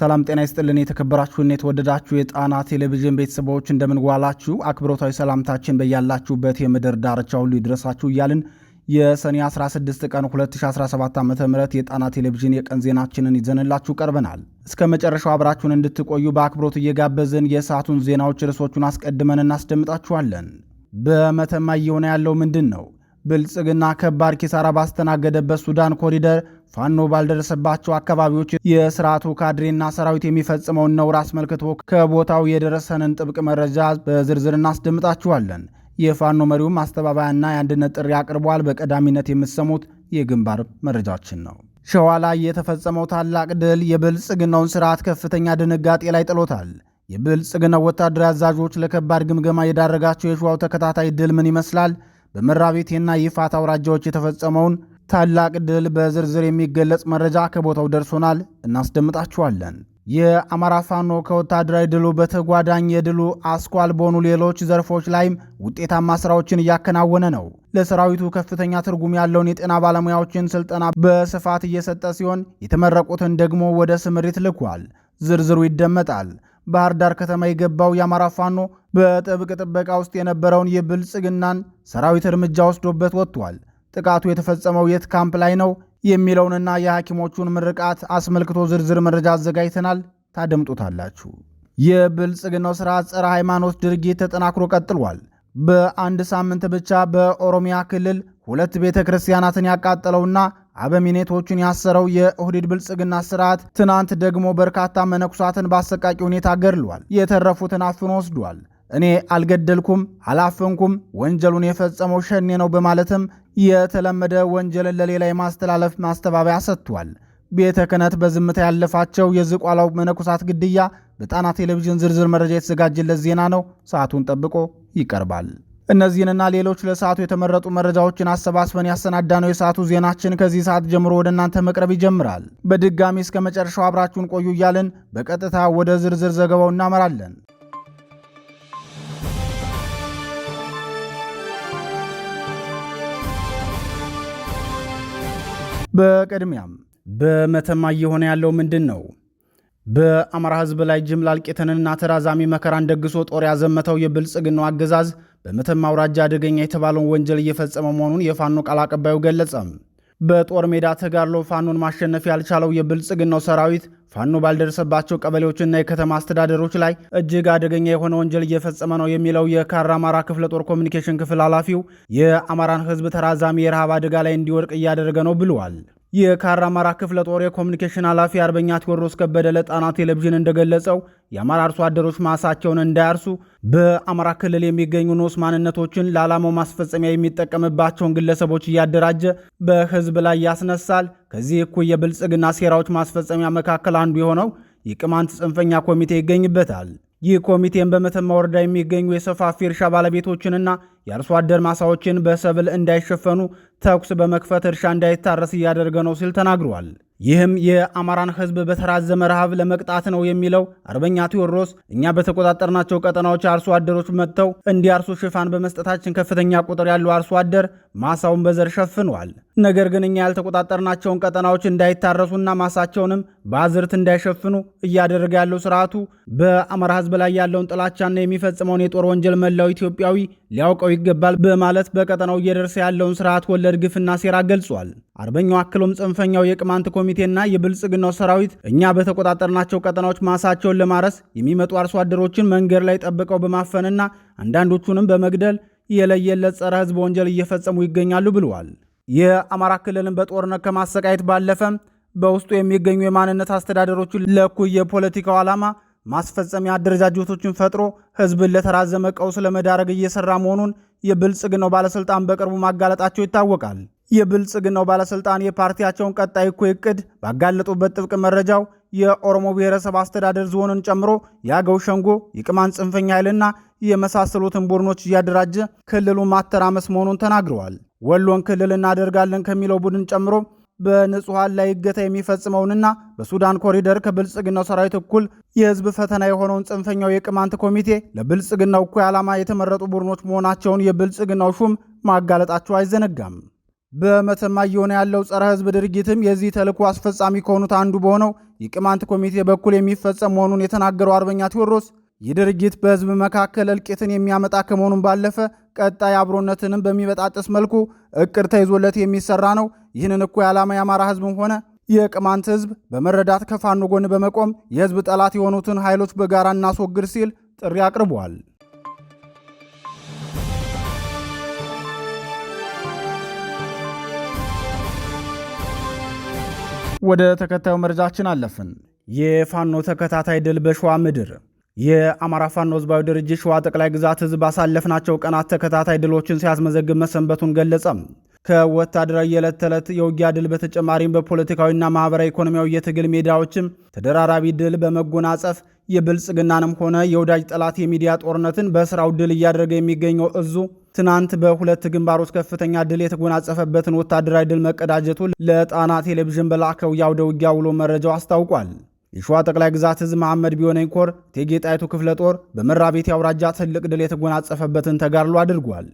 ሰላም ጤና ይስጥልን። የተከበራችሁና የተወደዳችሁ የጣና ቴሌቪዥን ቤተሰቦች እንደምንጓላችሁ፣ አክብሮታዊ ሰላምታችን በያላችሁበት የምድር ዳርቻ ሁሉ ይድረሳችሁ እያልን የሰኔ 16 ቀን 2017 ዓ ም የጣና ቴሌቪዥን የቀን ዜናችንን ይዘንላችሁ ቀርበናል። እስከ መጨረሻው አብራችሁን እንድትቆዩ በአክብሮት እየጋበዝን የሰዓቱን ዜናዎች ርዕሶቹን አስቀድመን እናስደምጣችኋለን። በመተማ እየሆነ ያለው ምንድን ነው? ብልጽግና ከባድ ኪሳራ ባስተናገደበት ሱዳን ኮሪደር ፋኖ ባልደረሰባቸው አካባቢዎች የስርዓቱ ካድሬና ሰራዊት የሚፈጽመውን ነውር አስመልክቶ ከቦታው የደረሰንን ጥብቅ መረጃ በዝርዝር እናስደምጣችኋለን። የፋኖ መሪውም አስተባባያና የአንድነት ጥሪ አቅርቧል። በቀዳሚነት የምትሰሙት የግንባር መረጃችን ነው። ሸዋ ላይ የተፈጸመው ታላቅ ድል የብልጽግናውን ስርዓት ከፍተኛ ድንጋጤ ላይ ጥሎታል። የብልጽግናው ወታደራዊ አዛዦች ለከባድ ግምገማ የዳረጋቸው የሸዋው ተከታታይ ድል ምን ይመስላል? በመራቤቴና ይፋት አውራጃዎች የተፈጸመውን ታላቅ ድል በዝርዝር የሚገለጽ መረጃ ከቦታው ደርሶናል፣ እናስደምጣችኋለን። የአማራ ፋኖ ከወታደራዊ ድሉ በተጓዳኝ የድሉ አስኳል በሆኑ ሌሎች ዘርፎች ላይም ውጤታማ ስራዎችን እያከናወነ ነው። ለሰራዊቱ ከፍተኛ ትርጉም ያለውን የጤና ባለሙያዎችን ስልጠና በስፋት እየሰጠ ሲሆን የተመረቁትን ደግሞ ወደ ስምሪት ልኳል። ዝርዝሩ ይደመጣል። ባህር ዳር ከተማ የገባው የአማራ ፋኖ በጥብቅ ጥበቃ ውስጥ የነበረውን የብልጽግናን ሰራዊት እርምጃ ወስዶበት ወጥቷል። ጥቃቱ የተፈጸመው የት ካምፕ ላይ ነው የሚለውንና የሐኪሞቹን ምርቃት አስመልክቶ ዝርዝር መረጃ አዘጋጅተናል። ታደምጡታላችሁ። የብልጽግናው ሥራ ጸረ ሃይማኖት ድርጊት ተጠናክሮ ቀጥሏል። በአንድ ሳምንት ብቻ በኦሮሚያ ክልል ሁለት ቤተ ክርስቲያናትን ያቃጠለውና አበሚኔቶቹን ያሰረው የኦህዴድ ብልጽግና ስርዓት ትናንት ደግሞ በርካታ መነኩሳትን በአሰቃቂ ሁኔታ ገድሏል። የተረፉትን አፍኖ ወስዷል። እኔ አልገደልኩም፣ አላፈንኩም፣ ወንጀሉን የፈጸመው ሸኔ ነው በማለትም የተለመደ ወንጀልን ለሌላ የማስተላለፍ ማስተባበያ ሰጥቷል። ቤተ ክህነት በዝምታ ያለፋቸው የዝቋላው መነኩሳት ግድያ በጣና ቴሌቪዥን ዝርዝር መረጃ የተዘጋጀለት ዜና ነው። ሰዓቱን ጠብቆ ይቀርባል። እነዚህንና ሌሎች ለሰዓቱ የተመረጡ መረጃዎችን አሰባስበን ያሰናዳነው የሰዓቱ ዜናችን ከዚህ ሰዓት ጀምሮ ወደ እናንተ መቅረብ ይጀምራል። በድጋሚ እስከ መጨረሻው አብራችሁን ቆዩ እያልን በቀጥታ ወደ ዝርዝር ዘገባው እናመራለን። በቅድሚያም በመተማ እየሆነ ያለው ምንድን ነው? በአማራ ህዝብ ላይ ጅምላ እልቂትንና ተራዛሚ መከራን ደግሶ ጦር ያዘመተው የብልጽግናው አገዛዝ በመተማ አውራጃ አደገኛ የተባለውን ወንጀል እየፈጸመ መሆኑን የፋኖ ቃል አቀባዩ ገለጸ። በጦር ሜዳ ተጋድሎ ፋኖን ማሸነፍ ያልቻለው የብልጽግናው ሰራዊት ፋኖ ባልደረሰባቸው ቀበሌዎችና የከተማ አስተዳደሮች ላይ እጅግ አደገኛ የሆነ ወንጀል እየፈጸመ ነው የሚለው የካራ አማራ ክፍለ ጦር ኮሚኒኬሽን ክፍል ኃላፊው የአማራን ህዝብ ተራዛሚ የረሃብ አደጋ ላይ እንዲወድቅ እያደረገ ነው ብለዋል። የካራማራ ክፍለ ጦር የኮሚኒኬሽን ኃላፊ አርበኛ ቴዎድሮስ ከበደ ለጣና ቴሌቪዥን እንደገለጸው የአማራ አርሶ አደሮች ማሳቸውን እንዳያርሱ በአማራ ክልል የሚገኙ ንዑስ ማንነቶችን ለዓላማው ማስፈጸሚያ የሚጠቀምባቸውን ግለሰቦች እያደራጀ በሕዝብ ላይ ያስነሳል። ከዚህ እኩይ የብልጽግና ሴራዎች ማስፈጸሚያ መካከል አንዱ የሆነው የቅማንት ጽንፈኛ ኮሚቴ ይገኝበታል። ይህ ኮሚቴን በመተማ ወረዳ የሚገኙ የሰፋፊ እርሻ ባለቤቶችንና የአርሶ አደር ማሳዎችን በሰብል እንዳይሸፈኑ ተኩስ በመክፈት እርሻ እንዳይታረስ እያደረገ ነው ሲል ተናግሯል። ይህም የአማራን ሕዝብ በተራዘመ ረሃብ ለመቅጣት ነው የሚለው አርበኛ ቴዎድሮስ እኛ በተቆጣጠርናቸው ቀጠናዎች አርሶ አደሮች መጥተው እንዲያርሱ ሽፋን በመስጠታችን ከፍተኛ ቁጥር ያለው አርሶ አደር ማሳውን በዘር ሸፍኗል። ነገር ግን እኛ ያልተቆጣጠርናቸውን ቀጠናዎች እንዳይታረሱና ማሳቸውንም በአዝርት እንዳይሸፍኑ እያደረገ ያለው ስርዓቱ በአማራ ሕዝብ ላይ ያለውን ጥላቻና የሚፈጽመውን የጦር ወንጀል መላው ኢትዮጵያዊ ሊያውቀው ይገባል በማለት በቀጠናው እየደረሰ ያለውን ስርዓት ወለድ ግፍና ሴራ ገልጿል። አርበኛው አክሎም ጽንፈኛው የቅማንት ኮሚቴና የብልጽግናው ሰራዊት እኛ በተቆጣጠርናቸው ቀጠናዎች ማሳቸውን ለማረስ የሚመጡ አርሶ አደሮችን መንገድ ላይ ጠብቀው በማፈንና አንዳንዶቹንም በመግደል የለየለት ጸረ ህዝብ ወንጀል እየፈጸሙ ይገኛሉ ብለዋል። የአማራ ክልልን በጦርነት ከማሰቃየት ባለፈ በውስጡ የሚገኙ የማንነት አስተዳደሮችን ለኩ የፖለቲካው ዓላማ ማስፈጸሚያ አደረጃጀቶችን ፈጥሮ ህዝብን ለተራዘመ ቀውስ ለመዳረግ እየሰራ መሆኑን የብልጽግናው ባለስልጣን በቅርቡ ማጋለጣቸው ይታወቃል። የብልጽግናው ባለስልጣን የፓርቲያቸውን ቀጣይ እኮ እቅድ ባጋለጡበት ጥብቅ መረጃው የኦሮሞ ብሔረሰብ አስተዳደር ዞንን ጨምሮ የአገው ሸንጎ፣ የቅማን ጽንፈኛ ኃይልና የመሳሰሉትን ቡድኖች እያደራጀ ክልሉን ማተራመስ መሆኑን ተናግረዋል። ወሎን ክልል እናደርጋለን ከሚለው ቡድን ጨምሮ በንጹሐን ላይ እገታ የሚፈጽመውንና በሱዳን ኮሪደር ከብልጽግናው ሰራዊት እኩል የህዝብ ፈተና የሆነውን ጽንፈኛው የቅማንት ኮሚቴ ለብልጽግናው እኩይ ዓላማ የተመረጡ ቡድኖች መሆናቸውን የብልጽግናው ሹም ማጋለጣቸው አይዘነጋም። በመተማ እየሆነ ያለው ጸረ ህዝብ ድርጊትም የዚህ ተልዕኮ አስፈጻሚ ከሆኑት አንዱ በሆነው የቅማንት ኮሚቴ በኩል የሚፈጸም መሆኑን የተናገረው አርበኛ ቴዎድሮስ ይህ ድርጊት በህዝብ መካከል እልቂትን የሚያመጣ ከመሆኑን ባለፈ ቀጣይ አብሮነትንም በሚበጣጥስ መልኩ እቅድ ተይዞለት የሚሰራ ነው ይህንን እኮ የዓላማ የአማራ ህዝብም ሆነ የቅማንት ህዝብ በመረዳት ከፋኖ ጎን በመቆም የህዝብ ጠላት የሆኑትን ኃይሎች በጋራ እናስወግድ ሲል ጥሪ አቅርቧል። ወደ ተከታዩ መረጃችን አለፍን። የፋኖ ተከታታይ ድል በሸዋ ምድር የአማራ ፋኖ ህዝባዊ ድርጅት ሸዋ ጠቅላይ ግዛት ህዝብ ባሳለፍናቸው ቀናት ተከታታይ ድሎችን ሲያስመዘግብ መሰንበቱን ገለጸም። ከወታደራዊ የዕለት ተዕለት የውጊያ ድል በተጨማሪም በፖለቲካዊና ማህበራዊ ኢኮኖሚያዊ የትግል ሜዳዎችም ተደራራቢ ድል በመጎናጸፍ የብልጽግናንም ሆነ የወዳጅ ጠላት የሚዲያ ጦርነትን በስራው ድል እያደረገ የሚገኘው እዙ ትናንት በሁለት ግንባሮች ከፍተኛ ድል የተጎናጸፈበትን ወታደራዊ ድል መቀዳጀቱ ለጣና ቴሌቪዥን በላከው የአውደ ውጊያ ውሎ መረጃው አስታውቋል። የሸዋ ጠቅላይ ግዛት እዝ መሐመድ ቢሆነኝ ኮር ቴጌጣይቱ ክፍለ ጦር በመራቤቴ አውራጃ ትልቅ ድል የተጎናጸፈበትን ተጋድሎ አድርጓል።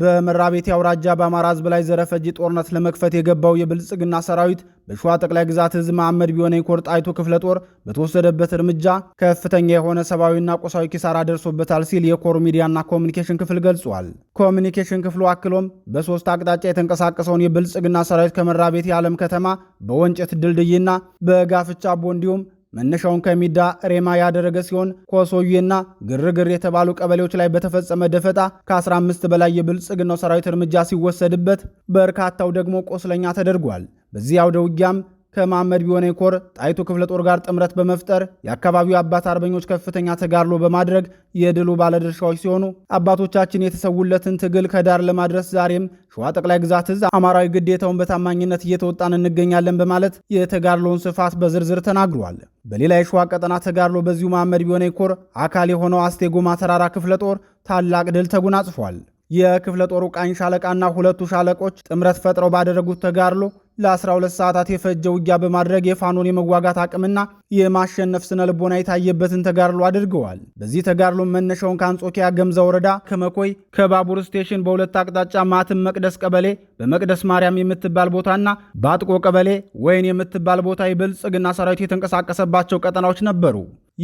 በመራቤቴ አውራጃ በአማራ ህዝብ ላይ ዘረፈጂ ጦርነት ለመክፈት የገባው የብልጽግና ሰራዊት በሸዋ ጠቅላይ ግዛት ህዝብ መሐመድ ቢሆነ የኮር ጣይቱ ክፍለ ጦር በተወሰደበት እርምጃ ከፍተኛ የሆነ ሰብአዊና ቁሳዊ ኪሳራ ደርሶበታል ሲል የኮር ሚዲያና ኮሚኒኬሽን ክፍል ገልጿል። ኮሚኒኬሽን ክፍሉ አክሎም በሶስት አቅጣጫ የተንቀሳቀሰውን የብልጽግና ሰራዊት ከመራቤቴ የዓለም ከተማ በወንጨት ድልድይና በጋፍቻ ቦ እንዲሁም መነሻውን ከሚዳ ሬማ ያደረገ ሲሆን ኮሶዬና ግርግር የተባሉ ቀበሌዎች ላይ በተፈጸመ ደፈጣ ከ15 በላይ የብልጽግናው ሰራዊት እርምጃ ሲወሰድበት፣ በርካታው ደግሞ ቆስለኛ ተደርጓል። በዚህ አውደ ውጊያም ከመሐመድ ቢሆነ ኮር ጣይቱ ክፍለ ጦር ጋር ጥምረት በመፍጠር የአካባቢው አባት አርበኞች ከፍተኛ ተጋድሎ በማድረግ የድሉ ባለድርሻዎች ሲሆኑ አባቶቻችን የተሰውለትን ትግል ከዳር ለማድረስ ዛሬም ሸዋ ጠቅላይ ግዛት እዝ አማራዊ ግዴታውን በታማኝነት እየተወጣን እንገኛለን በማለት የተጋድሎውን ስፋት በዝርዝር ተናግሯል። በሌላ የሸዋ ቀጠና ተጋድሎ በዚሁ ማመድ ቢሆነ ኮር አካል የሆነው አስቴጎማ ተራራ ክፍለ ጦር ታላቅ ድል ተጎናጽፏል። የክፍለ ጦሩ ቃኝ ሻለቃና ሁለቱ ሻለቆች ጥምረት ፈጥረው ባደረጉት ተጋድሎ ለ12 ሰዓታት የፈጀ ውጊያ በማድረግ የፋኖን የመዋጋት አቅምና የማሸነፍ ስነ ልቦና የታየበትን ተጋድሎ አድርገዋል። በዚህ ተጋድሎ መነሻውን ከአንጾኪያ ገምዛ ወረዳ ከመኮይ ከባቡር ስቴሽን በሁለት አቅጣጫ ማትም መቅደስ ቀበሌ በመቅደስ ማርያም የምትባል ቦታና በአጥቆ ቀበሌ ወይን የምትባል ቦታ የብልጽግና ሰራዊት የተንቀሳቀሰባቸው ቀጠናዎች ነበሩ።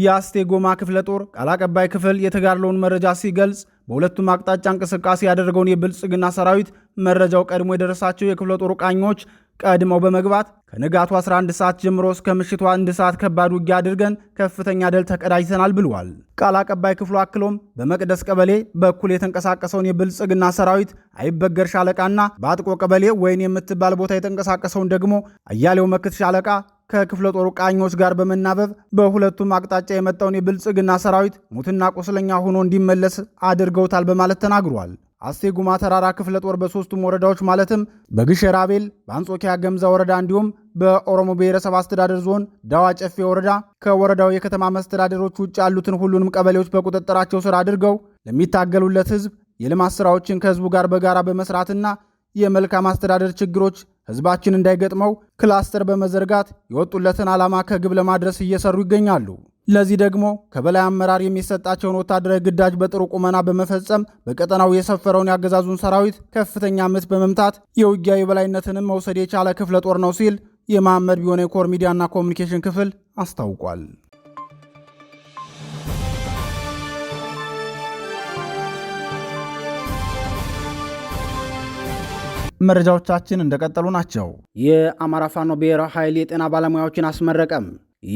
የአስቴ ጎማ ክፍለ ጦር ቃል አቀባይ ክፍል የተጋድሎውን መረጃ ሲገልጽ በሁለቱም አቅጣጫ እንቅስቃሴ ያደረገውን የብልጽግና ሰራዊት መረጃው ቀድሞ የደረሳቸው የክፍለ ጦር ቃኞች ቀድመው በመግባት ከንጋቱ 11 ሰዓት ጀምሮ እስከ ምሽቱ 1 ሰዓት ከባድ ውጊያ አድርገን ከፍተኛ ድል ተቀዳጅተናል ብለዋል። ቃል አቀባይ ክፍሉ አክሎም በመቅደስ ቀበሌ በኩል የተንቀሳቀሰውን የብልጽግና ሰራዊት አይበገር ሻለቃና በአጥቆ ቀበሌ ወይን የምትባል ቦታ የተንቀሳቀሰውን ደግሞ አያሌው መክት ሻለቃ ከክፍለ ጦሩ ቃኞች ጋር በመናበብ በሁለቱም አቅጣጫ የመጣውን የብልጽግና ሰራዊት ሙትና ቁስለኛ ሆኖ እንዲመለስ አድርገውታል በማለት ተናግሯል። አስቴ ጉማ ተራራ ክፍለ ጦር በሶስቱም ወረዳዎች ማለትም በግሽ ራቤል፣ በአንጾኪያ ገምዛ ወረዳ እንዲሁም በኦሮሞ ብሔረሰብ አስተዳደር ዞን ዳዋ ጨፌ ወረዳ ከወረዳው የከተማ መስተዳደሮች ውጭ ያሉትን ሁሉንም ቀበሌዎች በቁጥጥራቸው ስር አድርገው ለሚታገሉለት ህዝብ የልማት ስራዎችን ከህዝቡ ጋር በጋራ በመስራትና የመልካም አስተዳደር ችግሮች ህዝባችን እንዳይገጥመው ክላስተር በመዘርጋት የወጡለትን ዓላማ ከግብ ለማድረስ እየሰሩ ይገኛሉ። ለዚህ ደግሞ ከበላይ አመራር የሚሰጣቸውን ወታደራዊ ግዳጅ በጥሩ ቁመና በመፈጸም በቀጠናው የሰፈረውን ያገዛዙን ሰራዊት ከፍተኛ ምት በመምታት የውጊያ የበላይነትንም መውሰድ የቻለ ክፍለ ጦር ነው ሲል የመሐመድ ቢሆነ የኮር ሚዲያና ኮሚኒኬሽን ክፍል አስታውቋል። መረጃዎቻችን እንደቀጠሉ ናቸው። የአማራ ፋኖ ብሔራዊ ኃይል የጤና ባለሙያዎችን አስመረቀም።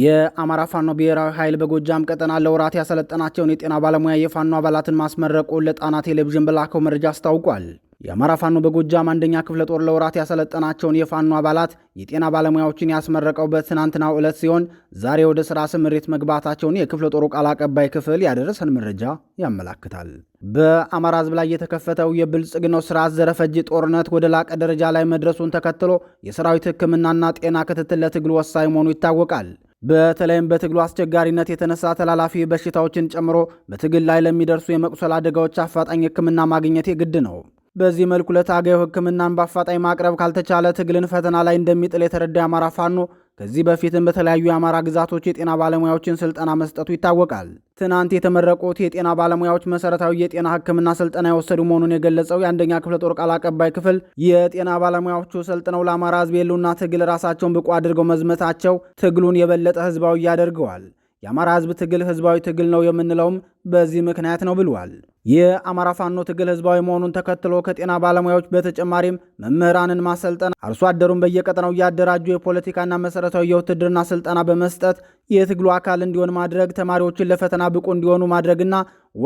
የአማራ ፋኖ ብሔራዊ ኃይል በጎጃም ቀጠና ለወራት ያሰለጠናቸውን የጤና ባለሙያ የፋኖ አባላትን ማስመረቁን ለጣና ቴሌቪዥን በላከው መረጃ አስታውቋል። የአማራ ፋኖ በጎጃም አንደኛ ክፍለ ጦር ለወራት ያሰለጠናቸውን የፋኖ አባላት የጤና ባለሙያዎችን ያስመረቀው በትናንትናው ዕለት ሲሆን ዛሬ ወደ ሥራ ስምሪት መግባታቸውን የክፍለ ጦሩ ቃል አቀባይ ክፍል ያደረሰን መረጃ ያመላክታል። በአማራ ሕዝብ ላይ የተከፈተው የብልጽግናው ስርዓት ዘረፈጅ ጦርነት ወደ ላቀ ደረጃ ላይ መድረሱን ተከትሎ የሰራዊት ሕክምናና ጤና ክትትል ለትግል ወሳኝ መሆኑ ይታወቃል። በተለይም በትግሉ አስቸጋሪነት የተነሳ ተላላፊ በሽታዎችን ጨምሮ በትግል ላይ ለሚደርሱ የመቁሰል አደጋዎች አፋጣኝ ሕክምና ማግኘት የግድ ነው። በዚህ መልኩ ለታገዩ ሕክምናን በአፋጣኝ ማቅረብ ካልተቻለ ትግልን ፈተና ላይ እንደሚጥል የተረዳ የአማራ ፋኖ ከዚህ በፊትም በተለያዩ የአማራ ግዛቶች የጤና ባለሙያዎችን ስልጠና መስጠቱ ይታወቃል። ትናንት የተመረቁት የጤና ባለሙያዎች መሰረታዊ የጤና ሕክምና ስልጠና የወሰዱ መሆኑን የገለጸው የአንደኛ ክፍለ ጦር ቃል አቀባይ ክፍል የጤና ባለሙያዎቹ ሰልጥነው ለአማራ ሕዝብ የሉና ትግል ራሳቸውን ብቁ አድርገው መዝመታቸው ትግሉን የበለጠ ህዝባዊ ያደርገዋል የአማራ ህዝብ ትግል ህዝባዊ ትግል ነው የምንለውም በዚህ ምክንያት ነው ብሏል። የአማራ ፋኖ ትግል ህዝባዊ መሆኑን ተከትሎ ከጤና ባለሙያዎች በተጨማሪም መምህራንን ማሰልጠን፣ አርሶ አደሩን በየቀጠናው እያደራጁ የፖለቲካና መሰረታዊ የውትድርና ስልጠና በመስጠት የትግሉ አካል እንዲሆን ማድረግ፣ ተማሪዎችን ለፈተና ብቁ እንዲሆኑ ማድረግና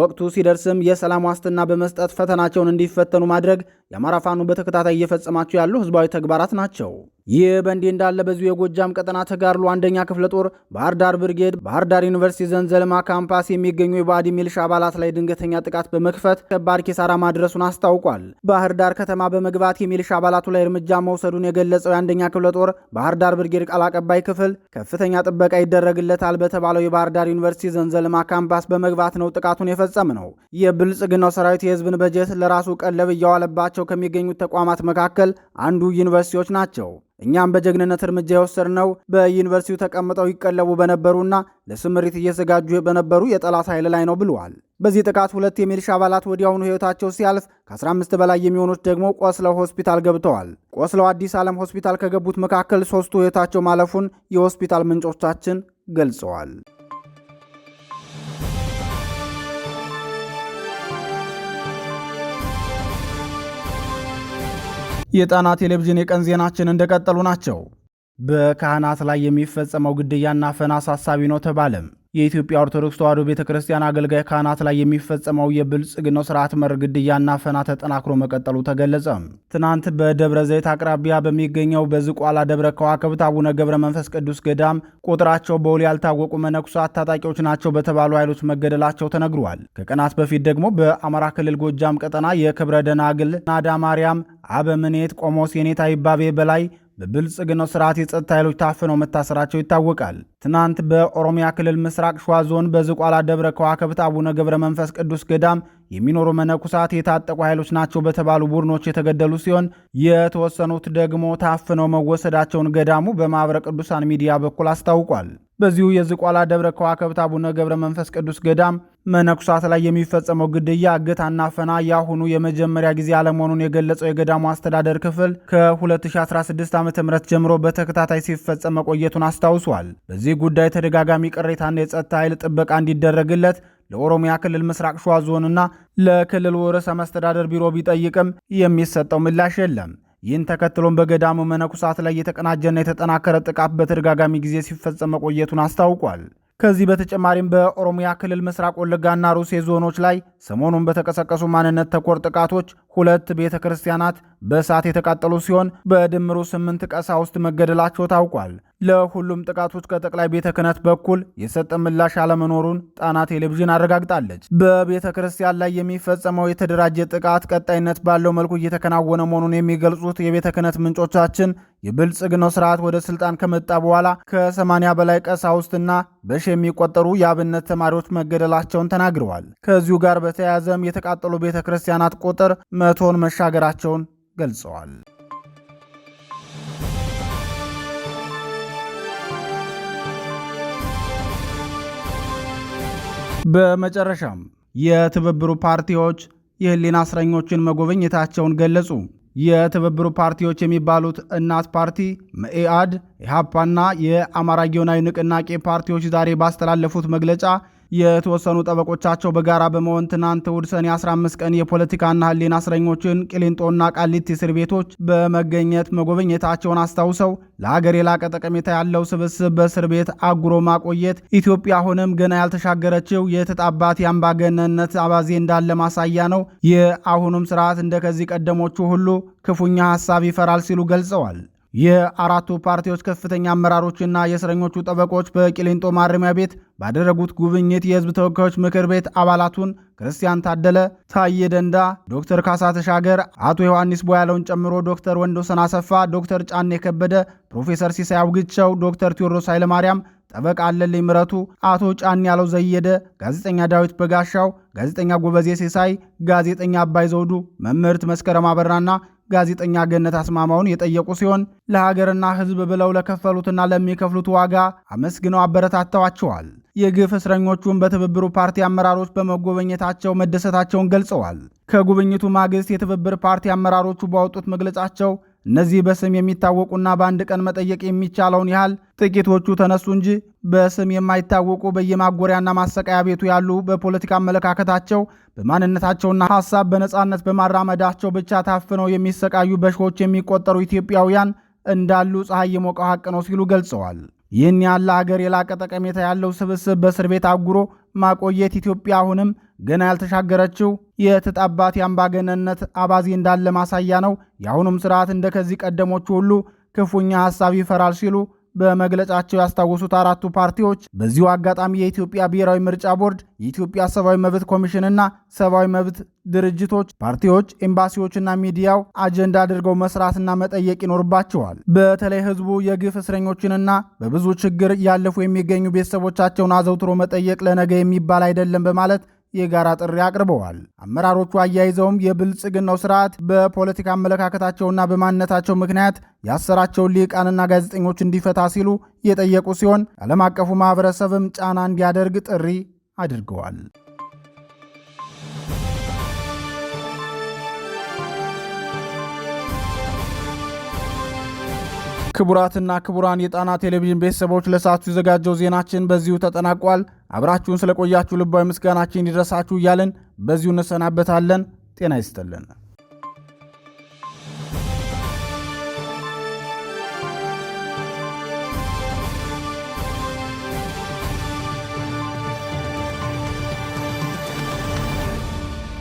ወቅቱ ሲደርስም የሰላም ዋስትና በመስጠት ፈተናቸውን እንዲፈተኑ ማድረግ የአማራ ፋኑ በተከታታይ እየፈጸማቸው ያሉ ህዝባዊ ተግባራት ናቸው። ይህ በእንዲህ እንዳለ በዚሁ የጎጃም ቀጠና ተጋድሎ አንደኛ ክፍለ ጦር ባህር ዳር ብርጌድ ባህር ዳር ዩኒቨርሲቲ ዘንዘልማ ካምፓስ የሚገኙ የባዕድ ሚልሻ አባላት ላይ ድንገተኛ ጥቃት በመክፈት ከባድ ኪሳራ ማድረሱን አስታውቋል። ባህር ዳር ከተማ በመግባት የሚልሻ አባላቱ ላይ እርምጃ መውሰዱን የገለጸው የአንደኛ ክፍለ ጦር ባህር ዳር ብርጌድ ቃል አቀባይ ክፍል ከፍተኛ ጥበቃ ይደረግለታል በተባለው የባህር ዳር ዩኒቨርሲቲ ዘንዘልማ ካምፓስ በመግባት ነው ጥቃቱን የፈጸመ ነው። የብልጽግናው ሰራዊት የህዝብን በጀት ለራሱ ቀለብ እያዋለባቸው ከሚገኙት ተቋማት መካከል አንዱ ዩኒቨርሲቲዎች ናቸው። እኛም በጀግንነት እርምጃ የወሰድነው በዩኒቨርሲቲው ተቀምጠው ይቀለቡ በነበሩና ለስምሪት እየዘጋጁ በነበሩ የጠላት ኃይል ላይ ነው ብለዋል። በዚህ ጥቃት ሁለት የሚሊሻ አባላት ወዲያውኑ ህይወታቸው ሲያልፍ ከ15 በላይ የሚሆኑት ደግሞ ቆስለው ሆስፒታል ገብተዋል። ቆስለው አዲስ ዓለም ሆስፒታል ከገቡት መካከል ሶስቱ ህይወታቸው ማለፉን የሆስፒታል ምንጮቻችን ገልጸዋል። የጣና ቴሌቪዥን የቀን ዜናችን እንደቀጠሉ ናቸው። በካህናት ላይ የሚፈጸመው ግድያና አፈና አሳሳቢ ነው ተባለም። የኢትዮጵያ ኦርቶዶክስ ተዋሕዶ ቤተ ክርስቲያን አገልጋይ ካህናት ላይ የሚፈጸመው የብልጽግናው ስርዓት መር ግድያና ፈና ተጠናክሮ መቀጠሉ ተገለጸ። ትናንት በደብረ ዘይት አቅራቢያ በሚገኘው በዝቋላ ደብረ ከዋክብት አቡነ ገብረ መንፈስ ቅዱስ ገዳም ቁጥራቸው በውል ያልታወቁ መነኩሳት ታጣቂዎች ናቸው በተባሉ ኃይሎች መገደላቸው ተነግሯል። ከቀናት በፊት ደግሞ በአማራ ክልል ጎጃም ቀጠና የክብረ ደናግል ናዳ ማርያም አበምኔት ቆሞስ የኔታ ይባቤ በላይ በብልጽግናው ስርዓት የጸጥታ ኃይሎች ታፍነው መታሰራቸው ይታወቃል። ትናንት በኦሮሚያ ክልል ምስራቅ ሸዋ ዞን በዝቋላ ደብረ ከዋክብት አቡነ ገብረ መንፈስ ቅዱስ ገዳም የሚኖሩ መነኩሳት የታጠቁ ኃይሎች ናቸው በተባሉ ቡድኖች የተገደሉ ሲሆን የተወሰኑት ደግሞ ታፍነው መወሰዳቸውን ገዳሙ በማኅበረ ቅዱሳን ሚዲያ በኩል አስታውቋል። በዚሁ የዝቋላ ደብረ ከዋክብት አቡነ ገብረ መንፈስ ቅዱስ ገዳም መነኩሳት ላይ የሚፈጸመው ግድያ፣ እገታና ፈና የአሁኑ የመጀመሪያ ጊዜ አለመሆኑን የገለጸው የገዳሙ አስተዳደር ክፍል ከ2016 ዓ ም ጀምሮ በተከታታይ ሲፈጸም መቆየቱን አስታውሷል። በዚህ ጉዳይ ተደጋጋሚ ቅሬታና የጸጥታ ኃይል ጥበቃ እንዲደረግለት ለኦሮሚያ ክልል ምስራቅ ሸዋ ዞንና ለክልሉ ርዕሰ መስተዳደር ቢሮ ቢጠይቅም የሚሰጠው ምላሽ የለም። ይህን ተከትሎም በገዳሙ መነኩሳት ላይ የተቀናጀና የተጠናከረ ጥቃት በተደጋጋሚ ጊዜ ሲፈጸም መቆየቱን አስታውቋል። ከዚህ በተጨማሪም በኦሮሚያ ክልል ምስራቅ ወለጋና ሩሴ ዞኖች ላይ ሰሞኑን በተቀሰቀሱ ማንነት ተኮር ጥቃቶች ሁለት ቤተ ክርስቲያናት በእሳት የተቃጠሉ ሲሆን በድምሩ ስምንት ቀሳውስት መገደላቸው ታውቋል። ለሁሉም ጥቃቶች ከጠቅላይ ቤተ ክህነት በኩል የሰጠ ምላሽ አለመኖሩን ጣና ቴሌቪዥን አረጋግጣለች። በቤተ ክርስቲያን ላይ የሚፈጸመው የተደራጀ ጥቃት ቀጣይነት ባለው መልኩ እየተከናወነ መሆኑን የሚገልጹት የቤተ ክህነት ምንጮቻችን የብልጽግናው ስርዓት ወደ ስልጣን ከመጣ በኋላ ከ80 በላይ ቀሳውስትና በሺ የሚቆጠሩ የአብነት ተማሪዎች መገደላቸውን ተናግረዋል። ከዚሁ ጋር በተያያዘም የተቃጠሉ ቤተ ክርስቲያናት ቁጥር መቶውን መሻገራቸውን ገልጸዋል። በመጨረሻም የትብብሩ ፓርቲዎች የህሊና እስረኞችን መጎበኘታቸውን ገለጹ። የትብብሩ ፓርቲዎች የሚባሉት እናት ፓርቲ፣ መኢአድ፣ ኢሃፓና የአማራ ጊዮናዊ ንቅናቄ ፓርቲዎች ዛሬ ባስተላለፉት መግለጫ የተወሰኑ ጠበቆቻቸው በጋራ በመሆን ትናንት እሁድ ሰኔ 15 ቀን የፖለቲካና ህሊና እስረኞችን ቅሊንጦና ቃሊት እስር ቤቶች በመገኘት መጎብኘታቸውን አስታውሰው ለሀገር የላቀ ጠቀሜታ ያለው ስብስብ በእስር ቤት አጉሮ ማቆየት ኢትዮጵያ አሁንም ገና ያልተሻገረችው የተጣባት የአምባገነነት አባዜ እንዳለ ማሳያ ነው። የአሁኑም ስርዓት እንደከዚህ ቀደሞቹ ሁሉ ክፉኛ ሀሳብ ይፈራል ሲሉ ገልጸዋል። የአራቱ ፓርቲዎች ከፍተኛ አመራሮችና የእስረኞቹ ጠበቆች በቂሊንጦ ማረሚያ ቤት ባደረጉት ጉብኝት የህዝብ ተወካዮች ምክር ቤት አባላቱን ክርስቲያን ታደለ፣ ታዬ ደንዳ፣ ዶክተር ካሳ ተሻገር፣ አቶ ዮሐንስ ቦያለውን ጨምሮ ዶክተር ወንዶሰን አሰፋ፣ ዶክተር ጫኔ ከበደ፣ ፕሮፌሰር ሲሳይ አውግቸው፣ ዶክተር ቴዎድሮስ ኃይለማርያም፣ ጠበቃ አለልኝ ምረቱ፣ አቶ ጫን ያለው ዘየደ፣ ጋዜጠኛ ዳዊት በጋሻው፣ ጋዜጠኛ ጎበዜ ሲሳይ፣ ጋዜጠኛ አባይ ዘውዱ፣ መምህርት መስከረም አበራና ጋዜጠኛ ገነት አስማማውን የጠየቁ ሲሆን ለሀገርና ሕዝብ ብለው ለከፈሉትና ለሚከፍሉት ዋጋ አመስግነው አበረታተዋቸዋል። የግፍ እስረኞቹን በትብብሩ ፓርቲ አመራሮች በመጎበኘታቸው መደሰታቸውን ገልጸዋል። ከጉብኝቱ ማግስት የትብብር ፓርቲ አመራሮቹ ባወጡት መግለጫቸው እነዚህ በስም የሚታወቁና በአንድ ቀን መጠየቅ የሚቻለውን ያህል ጥቂቶቹ ተነሱ እንጂ በስም የማይታወቁ በየማጎሪያና ማሰቃያ ቤቱ ያሉ በፖለቲካ አመለካከታቸው በማንነታቸውና ሀሳብ በነፃነት በማራመዳቸው ብቻ ታፍነው የሚሰቃዩ በሺዎች የሚቆጠሩ ኢትዮጵያውያን እንዳሉ ፀሐይ የሞቀው ሀቅ ነው ሲሉ ገልጸዋል። ይህን ያለ አገር የላቀ ጠቀሜታ ያለው ስብስብ በእስር ቤት አጉሮ ማቆየት ኢትዮጵያ አሁንም ገና ያልተሻገረችው የተጣባት የአምባገነነት አባዜ እንዳለ ማሳያ ነው። የአሁኑም ስርዓት እንደከዚህ ቀደሞቹ ሁሉ ክፉኛ ሐሳብ ይፈራል ሲሉ በመግለጫቸው ያስታወሱት አራቱ ፓርቲዎች በዚሁ አጋጣሚ የኢትዮጵያ ብሔራዊ ምርጫ ቦርድ፣ የኢትዮጵያ ሰብአዊ መብት ኮሚሽንና ሰብአዊ መብት ድርጅቶች፣ ፓርቲዎች፣ ኤምባሲዎችና ሚዲያው አጀንዳ አድርገው መስራትና መጠየቅ ይኖርባቸዋል። በተለይ ህዝቡ የግፍ እስረኞችንና በብዙ ችግር ያለፉ የሚገኙ ቤተሰቦቻቸውን አዘውትሮ መጠየቅ ለነገ የሚባል አይደለም በማለት የጋራ ጥሪ አቅርበዋል። አመራሮቹ አያይዘውም የብልጽግናው ስርዓት በፖለቲካ አመለካከታቸውና በማንነታቸው ምክንያት ያሰራቸውን ሊቃንና ጋዜጠኞች እንዲፈታ ሲሉ የጠየቁ ሲሆን ዓለም አቀፉ ማህበረሰብም ጫና እንዲያደርግ ጥሪ አድርገዋል። ክቡራትና ክቡራን የጣና ቴሌቪዥን ቤተሰቦች ለሰዓቱ የዘጋጀው ዜናችን በዚሁ ተጠናቋል። አብራችሁን ስለቆያችሁ ልባዊ ምስጋናችን ይድረሳችሁ እያልን በዚሁ እንሰናበታለን። ጤና ይስጥልን።